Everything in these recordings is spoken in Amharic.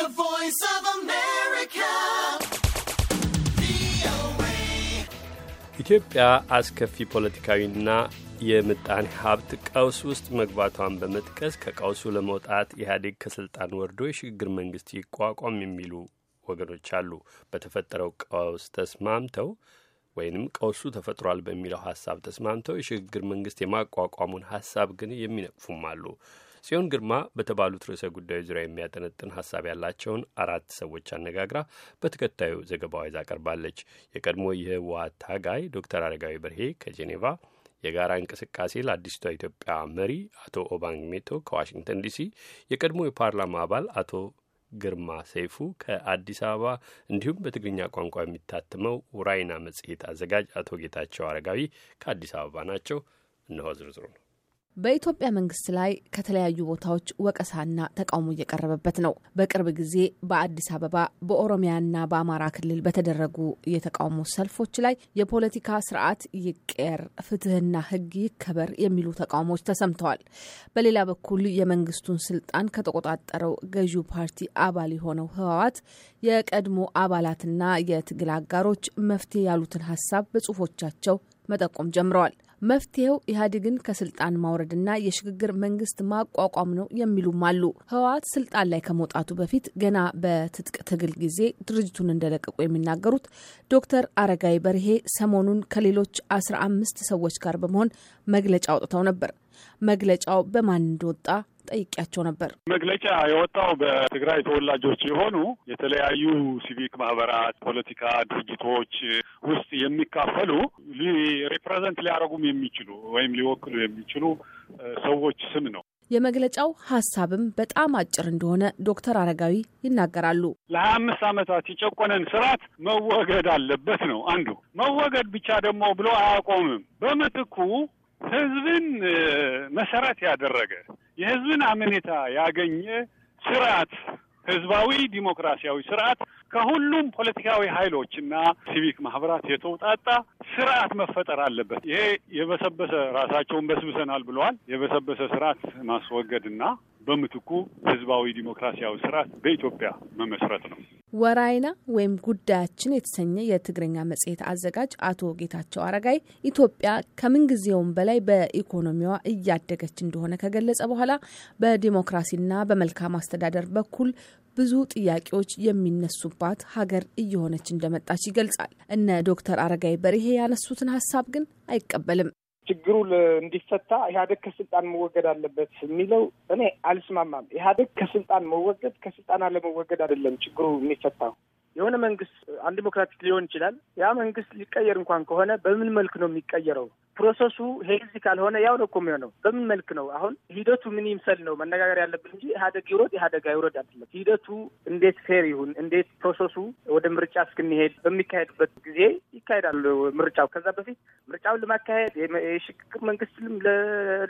The Voice of America. ኢትዮጵያ አስከፊ ፖለቲካዊና የምጣኔ ሀብት ቀውስ ውስጥ መግባቷን በመጥቀስ ከቀውሱ ለመውጣት ኢህአዴግ ከስልጣን ወርዶ የሽግግር መንግስት ይቋቋም የሚሉ ወገኖች አሉ። በተፈጠረው ቀውስ ተስማምተው ወይንም ቀውሱ ተፈጥሯል በሚለው ሀሳብ ተስማምተው የሽግግር መንግስት የማቋቋሙን ሀሳብ ግን የሚነቅፉም አሉ። ጽዮን ግርማ በተባሉት ርዕሰ ጉዳዮች ዙሪያ የሚያጠነጥን ሀሳብ ያላቸውን አራት ሰዎች አነጋግራ በተከታዩ ዘገባዋ ይዛ ቀርባለች። የቀድሞ የህወሓት ታጋይ ዶክተር አረጋዊ በርሄ ከጄኔቫ የጋራ እንቅስቃሴ ለአዲስቷ ኢትዮጵያ መሪ አቶ ኦባንግ ሜቶ ከዋሽንግተን ዲሲ፣ የቀድሞ የፓርላማ አባል አቶ ግርማ ሰይፉ ከአዲስ አበባ እንዲሁም በትግርኛ ቋንቋ የሚታትመው ውራይና መጽሔት አዘጋጅ አቶ ጌታቸው አረጋዊ ከአዲስ አበባ ናቸው። እነሆ ዝርዝሩ ነው። በኢትዮጵያ መንግስት ላይ ከተለያዩ ቦታዎች ወቀሳና ተቃውሞ እየቀረበበት ነው። በቅርብ ጊዜ በአዲስ አበባ በኦሮሚያና በአማራ ክልል በተደረጉ የተቃውሞ ሰልፎች ላይ የፖለቲካ ስርዓት ይቀየር፣ ፍትህና ህግ ይከበር የሚሉ ተቃውሞዎች ተሰምተዋል። በሌላ በኩል የመንግስቱን ስልጣን ከተቆጣጠረው ገዢው ፓርቲ አባል የሆነው ህወሓት የቀድሞ አባላትና የትግል አጋሮች መፍትሄ ያሉትን ሀሳብ በጽሁፎቻቸው መጠቆም ጀምረዋል። መፍትሄው ኢህአዴግን ከስልጣን ማውረድና የሽግግር መንግስት ማቋቋም ነው የሚሉም አሉ። ህወሓት ስልጣን ላይ ከመውጣቱ በፊት ገና በትጥቅ ትግል ጊዜ ድርጅቱን እንደለቀቁ የሚናገሩት ዶክተር አረጋይ በርሄ ሰሞኑን ከሌሎች አስራ አምስት ሰዎች ጋር በመሆን መግለጫ አውጥተው ነበር። መግለጫው በማን እንደወጣ ጠይቄያቸው ነበር። መግለጫ የወጣው በትግራይ ተወላጆች የሆኑ የተለያዩ ሲቪክ ማህበራት፣ ፖለቲካ ድርጅቶች ውስጥ የሚካፈሉ ሪፕሬዘንት ሊያደርጉም የሚችሉ ወይም ሊወክሉ የሚችሉ ሰዎች ስም ነው። የመግለጫው ሀሳብም በጣም አጭር እንደሆነ ዶክተር አረጋዊ ይናገራሉ። ለሀያ አምስት ዓመታት የጨቆነን ስርዓት መወገድ አለበት ነው አንዱ። መወገድ ብቻ ደግሞ ብሎ አያቆምም። በምትኩ ህዝብን መሰረት ያደረገ የህዝብን አመኔታ ያገኘ ስርዓት ህዝባዊ ዲሞክራሲያዊ ስርዓት ከሁሉም ፖለቲካዊ ኃይሎችና ሲቪክ ማህበራት የተውጣጣ ስርዓት መፈጠር አለበት። ይሄ የበሰበሰ ራሳቸውን በስብሰናል ብለዋል። የበሰበሰ ስርዓት ማስወገድና በምትኩ ህዝባዊ ዲሞክራሲያዊ ስርዓት በኢትዮጵያ መመስረት ነው። ወራይና ወይም ጉዳያችን የተሰኘ የትግርኛ መጽሔት አዘጋጅ አቶ ጌታቸው አረጋይ ኢትዮጵያ ከምንጊዜውም በላይ በኢኮኖሚዋ እያደገች እንደሆነ ከገለጸ በኋላ በዲሞክራሲና በመልካም አስተዳደር በኩል ብዙ ጥያቄዎች የሚነሱባት ሀገር እየሆነች እንደመጣች ይገልጻል። እነ ዶክተር አረጋይ በርሄ ያነሱትን ሀሳብ ግን አይቀበልም። ችግሩ እንዲፈታ ኢህአዴግ ከስልጣን መወገድ አለበት የሚለው እኔ አልስማማም። ኢህአዴግ ከስልጣን መወገድ ከስልጣን አለመወገድ አይደለም ችግሩ የሚፈታው የሆነ መንግስት አንድ ዲሞክራቲክ ሊሆን ይችላል። ያ መንግስት ሊቀየር እንኳን ከሆነ በምን መልክ ነው የሚቀየረው? ፕሮሰሱ ሄዚ ካልሆነ ያው ነው እኮ የሚሆነው። በምን መልክ ነው አሁን ሂደቱ ምን ይምሰል ነው መነጋገር ያለብን እንጂ ኢህአደግ ይውረድ ኢህአደግ አይውረድ አይደለም። ሂደቱ እንዴት ፌር ይሁን፣ እንዴት ፕሮሰሱ ወደ ምርጫ እስክንሄድ በሚካሄድበት ጊዜ ይካሄዳል ምርጫው። ከዛ በፊት ምርጫውን ለማካሄድ የሽግግር መንግስት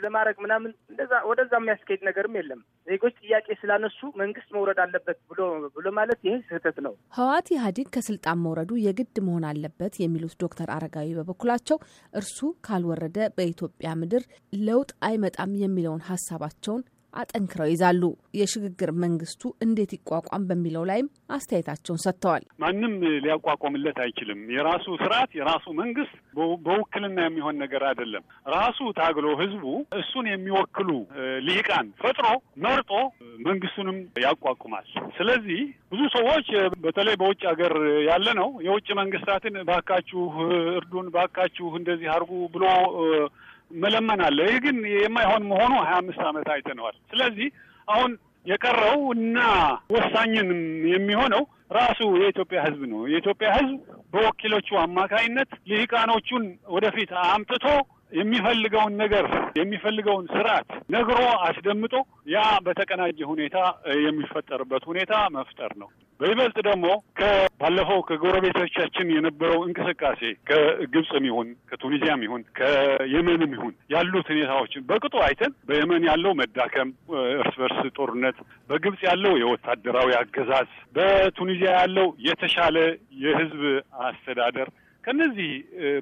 ለማድረግ ምናምን እንደዛ ወደዛ የሚያስካሄድ ነገርም የለም። ዜጎች ጥያቄ ስላነሱ መንግስት መውረድ አለበት ብሎ ብሎ ማለት ይህ ስህተት ነው። ህወሓት ኢህአዴግ ከስልጣን መውረዱ የግድ መሆን አለበት የሚሉት ዶክተር አረጋዊ በበኩላቸው እርሱ ካልወረደ በኢትዮጵያ ምድር ለውጥ አይመጣም የሚለውን ሀሳባቸውን አጠንክረው ይዛሉ። የሽግግር መንግስቱ እንዴት ይቋቋም በሚለው ላይም አስተያየታቸውን ሰጥተዋል። ማንም ሊያቋቋምለት አይችልም። የራሱ ስርዓት፣ የራሱ መንግስት በውክልና የሚሆን ነገር አይደለም። ራሱ ታግሎ ህዝቡ እሱን የሚወክሉ ልሂቃን ፈጥሮ መርጦ መንግስቱንም ያቋቁማል። ስለዚህ ብዙ ሰዎች በተለይ በውጭ ሀገር ያለ ነው የውጭ መንግስታትን ባካችሁ እርዱን፣ ባካችሁ እንደዚህ አድርጉ ብሎ መለመን አለ። ይህ ግን የማይሆን መሆኑ ሀያ አምስት ዓመት አይተነዋል። ስለዚህ አሁን የቀረው እና ወሳኝን የሚሆነው ራሱ የኢትዮጵያ ሕዝብ ነው። የኢትዮጵያ ሕዝብ በወኪሎቹ አማካይነት ልሂቃኖቹን ወደፊት አምጥቶ የሚፈልገውን ነገር የሚፈልገውን ስርዓት ነግሮ አስደምጦ ያ በተቀናጀ ሁኔታ የሚፈጠርበት ሁኔታ መፍጠር ነው። በይበልጥ ደግሞ ከባለፈው ከጎረቤቶቻችን የነበረው እንቅስቃሴ ከግብፅም ይሁን ከቱኒዚያም ይሁን ከየመንም ይሁን ያሉት ሁኔታዎችን በቅጡ አይተን በየመን ያለው መዳከም፣ እርስ በርስ ጦርነት፣ በግብፅ ያለው የወታደራዊ አገዛዝ፣ በቱኒዚያ ያለው የተሻለ የህዝብ አስተዳደር ከነዚህ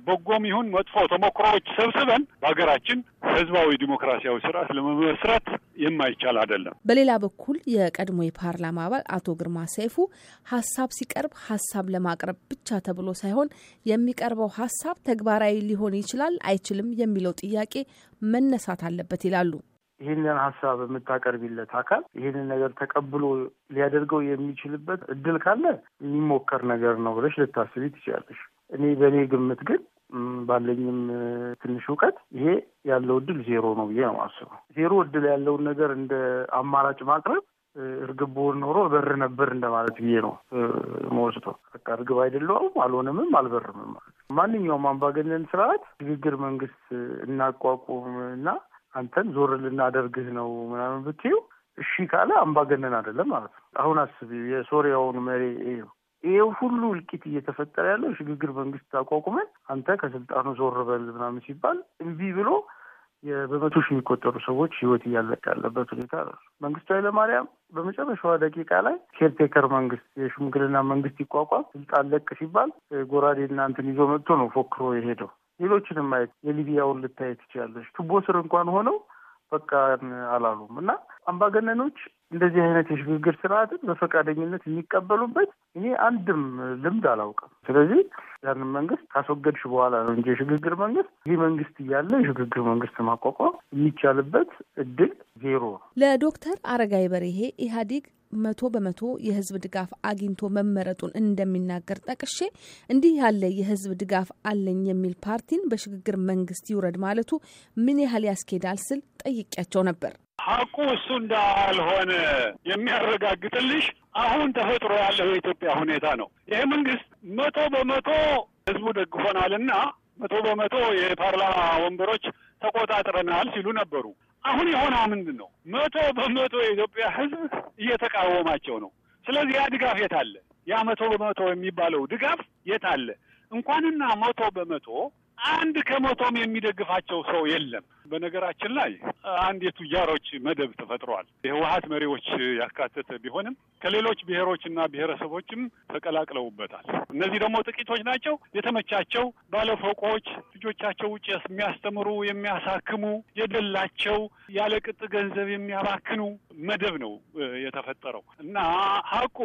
በጎም ይሁን መጥፎ ተሞክሮዎች ሰብስበን በሀገራችን ህዝባዊ ዲሞክራሲያዊ ስርዓት ለመመስረት የማይቻል አይደለም። በሌላ በኩል የቀድሞ የፓርላማ አባል አቶ ግርማ ሰይፉ ሀሳብ ሲቀርብ ሀሳብ ለማቅረብ ብቻ ተብሎ ሳይሆን የሚቀርበው ሀሳብ ተግባራዊ ሊሆን ይችላል አይችልም የሚለው ጥያቄ መነሳት አለበት ይላሉ። ይህንን ሀሳብ የምታቀርቢለት አካል ይህንን ነገር ተቀብሎ ሊያደርገው የሚችልበት እድል ካለ የሚሞከር ነገር ነው ብለሽ ልታስቢ ትችላለሽ። እኔ በእኔ ግምት ግን ባለኝም ትንሽ እውቀት ይሄ ያለው እድል ዜሮ ነው ብዬ ነው አስበው። ዜሮ እድል ያለውን ነገር እንደ አማራጭ ማቅረብ እርግቦን ኖሮ በር ነበር እንደማለት ብዬ ነው መወስቶ። በቃ እርግብ አይደለውም፣ አልሆንምም፣ አልበርምም ማለት ማንኛውም አምባገነን ስርዓት ሽግግር መንግስት እናቋቁም እና አንተን ዞር ልናደርግህ ነው ምናምን ብትዩ እሺ ካለ አምባገነን አይደለም ማለት ነው። አሁን አስብ የሶሪያውን መሪ ይሄ ሁሉ እልቂት እየተፈጠረ ያለው የሽግግር መንግስት አቋቁመን አንተ ከስልጣኑ ዞር በል ምናምን ሲባል እምቢ ብሎ በመቶ ሺህ የሚቆጠሩ ሰዎች ህይወት እያለቀ ያለበት ሁኔታ ነው። መንግስቱ ኃይለማርያም በመጨረሻዋ ደቂቃ ላይ ኬርቴከር መንግስት የሽምግልና መንግስት ይቋቋም ስልጣን ለቅ ሲባል ጎራዴ እናንትን ይዞ መጥቶ ነው ፎክሮ የሄደው። ሌሎችንም ማየት የሊቢያውን ልታየት ትችላለች። ቱቦ ስር እንኳን ሆነው በቃ አላሉም እና አምባገነኖች እንደዚህ አይነት የሽግግር ስርዓትን በፈቃደኝነት የሚቀበሉበት እኔ አንድም ልምድ አላውቅም። ስለዚህ ያንን መንግስት ካስወገድሽ በኋላ ነው እንጂ የሽግግር መንግስት ይህ መንግስት እያለ የሽግግር መንግስት ማቋቋም የሚቻልበት እድል ዜሮ ነው። ለዶክተር አረጋይ በርሄ ኢህአዴግ መቶ በመቶ የህዝብ ድጋፍ አግኝቶ መመረጡን እንደሚናገር ጠቅሼ እንዲህ ያለ የህዝብ ድጋፍ አለኝ የሚል ፓርቲን በሽግግር መንግስት ይውረድ ማለቱ ምን ያህል ያስኬዳል ስል ጠይቄያቸው ነበር። ሀቁ እሱ እንዳልሆነ የሚያረጋግጥልሽ አሁን ተፈጥሮ ያለው የኢትዮጵያ ሁኔታ ነው። ይሄ መንግስት መቶ በመቶ ህዝቡ ደግፎናልና መቶ በመቶ የፓርላማ ወንበሮች ተቆጣጥረናል ሲሉ ነበሩ። አሁን የሆነው ምንድን ነው? መቶ በመቶ የኢትዮጵያ ህዝብ እየተቃወማቸው ነው። ስለዚህ ያ ድጋፍ የት አለ? ያ መቶ በመቶ የሚባለው ድጋፍ የት አለ? እንኳንና መቶ በመቶ አንድ ከመቶም የሚደግፋቸው ሰው የለም። በነገራችን ላይ አንድ የቱጃሮች መደብ ተፈጥሯል። የህወሀት መሪዎች ያካተተ ቢሆንም ከሌሎች ብሔሮች እና ብሔረሰቦችም ተቀላቅለውበታል። እነዚህ ደግሞ ጥቂቶች ናቸው። የተመቻቸው ባለፎቆች፣ ልጆቻቸው ውጭ የሚያስተምሩ የሚያሳክሙ፣ የደላቸው ያለ ቅጥ ገንዘብ የሚያባክኑ መደብ ነው የተፈጠረው እና ሀቁ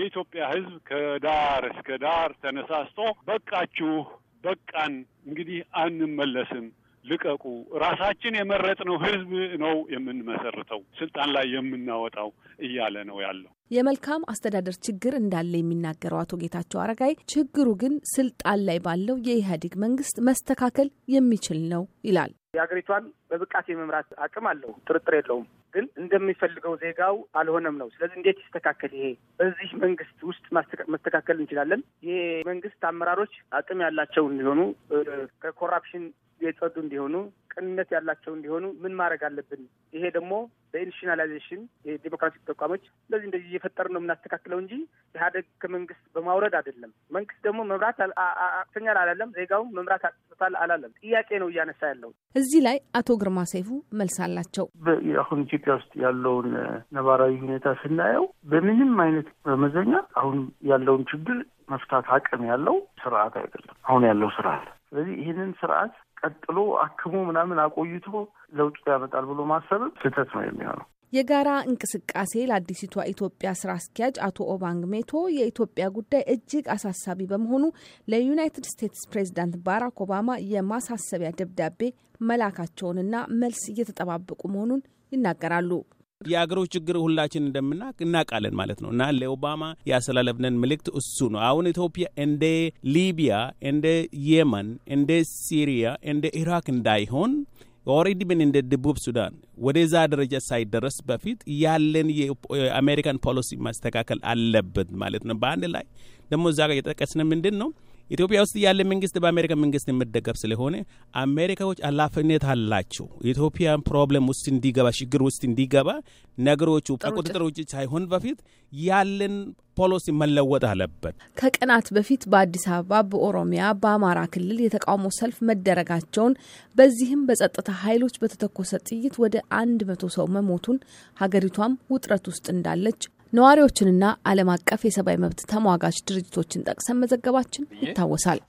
የኢትዮጵያ ህዝብ ከዳር እስከ ዳር ተነሳስቶ በቃችሁ በቃን፣ እንግዲህ አንመለስም፣ ልቀቁ፣ ራሳችን የመረጥነው ህዝብ ነው የምንመሰርተው፣ ስልጣን ላይ የምናወጣው እያለ ነው ያለው። የመልካም አስተዳደር ችግር እንዳለ የሚናገረው አቶ ጌታቸው አረጋይ ችግሩ ግን ስልጣን ላይ ባለው የኢህአዴግ መንግስት መስተካከል የሚችል ነው ይላል። የሀገሪቷን በብቃት የመምራት አቅም አለው፣ ጥርጥር የለውም። ግን እንደሚፈልገው ዜጋው አልሆነም ነው። ስለዚህ እንዴት ይስተካከል? ይሄ በዚህ መንግስት ውስጥ መስተካከል እንችላለን። ይሄ መንግስት አመራሮች አቅም ያላቸው እንዲሆኑ ከኮራፕሽን የጸዱ እንዲሆኑ ቅንነት ያላቸው እንዲሆኑ ምን ማድረግ አለብን? ይሄ ደግሞ በኢንሽናላይዜሽን የዲሞክራቲክ ተቋሞች እንደዚህ እንደዚህ እየፈጠር ነው የምናስተካክለው እንጂ ኢህአዴግ ከመንግስት በማውረድ አይደለም። መንግስት ደግሞ መምራት አቅተኛል አላለም፣ ዜጋውም መምራት አቅተታል አላለም። ጥያቄ ነው እያነሳ ያለው። እዚህ ላይ አቶ ግርማ ሰይፉ መልስ አላቸው። አሁን ኢትዮጵያ ውስጥ ያለውን ነባራዊ ሁኔታ ስናየው በምንም አይነት በመዘኛ አሁን ያለውን ችግር መፍታት አቅም ያለው ስርዓት አይደለም አሁን ያለው ስርዓት። ስለዚህ ይህንን ስርዓት ቀጥሎ አክሞ ምናምን አቆይቶ ለውጡ ያመጣል ብሎ ማሰብ ስህተት ነው የሚሆነው። የጋራ እንቅስቃሴ ለአዲሲቷ ኢትዮጵያ ስራ አስኪያጅ አቶ ኦባንግ ሜቶ የኢትዮጵያ ጉዳይ እጅግ አሳሳቢ በመሆኑ ለዩናይትድ ስቴትስ ፕሬዚዳንት ባራክ ኦባማ የማሳሰቢያ ደብዳቤ መላካቸውንና መልስ እየተጠባበቁ መሆኑን ይናገራሉ። የአገሮች ችግር ሁላችን እንደምናቅ እናውቃለን ማለት ነው እና ለኦባማ ያስተላለፍነን መልእክት እሱ ነው። አሁን ኢትዮጵያ እንደ ሊቢያ፣ እንደ የመን፣ እንደ ሲሪያ፣ እንደ ኢራክ እንዳይሆን ኦልሬዲ ምን እንደ ደቡብ ሱዳን ወደዛ ደረጃ ሳይደረስ በፊት ያለን የአሜሪካን ፖሊሲ ማስተካከል አለብን ማለት ነው። በአንድ ላይ ደግሞ እዛ ጋር የጠቀስነ ምንድን ነው ኢትዮጵያ ውስጥ ያለ መንግስት በአሜሪካ መንግስት የምደገፍ ስለሆነ አሜሪካዎች አላፍነት አላቸው። ኢትዮጵያ ፕሮብለም ውስጥ እንዲገባ ችግር ውስጥ እንዲገባ ነገሮቹ ከቁጥጥር ውጭ ሳይሆን በፊት ያለን ፖሊሲ መለወጥ አለበት። ከቀናት በፊት በአዲስ አበባ፣ በኦሮሚያ፣ በአማራ ክልል የተቃውሞ ሰልፍ መደረጋቸውን በዚህም በጸጥታ ኃይሎች በተተኮሰ ጥይት ወደ አንድ መቶ ሰው መሞቱን ሀገሪቷም ውጥረት ውስጥ እንዳለች ነዋሪዎችንና ዓለም አቀፍ የሰብአዊ መብት ተሟጋች ድርጅቶችን ጠቅሰን መዘገባችን ይታወሳል።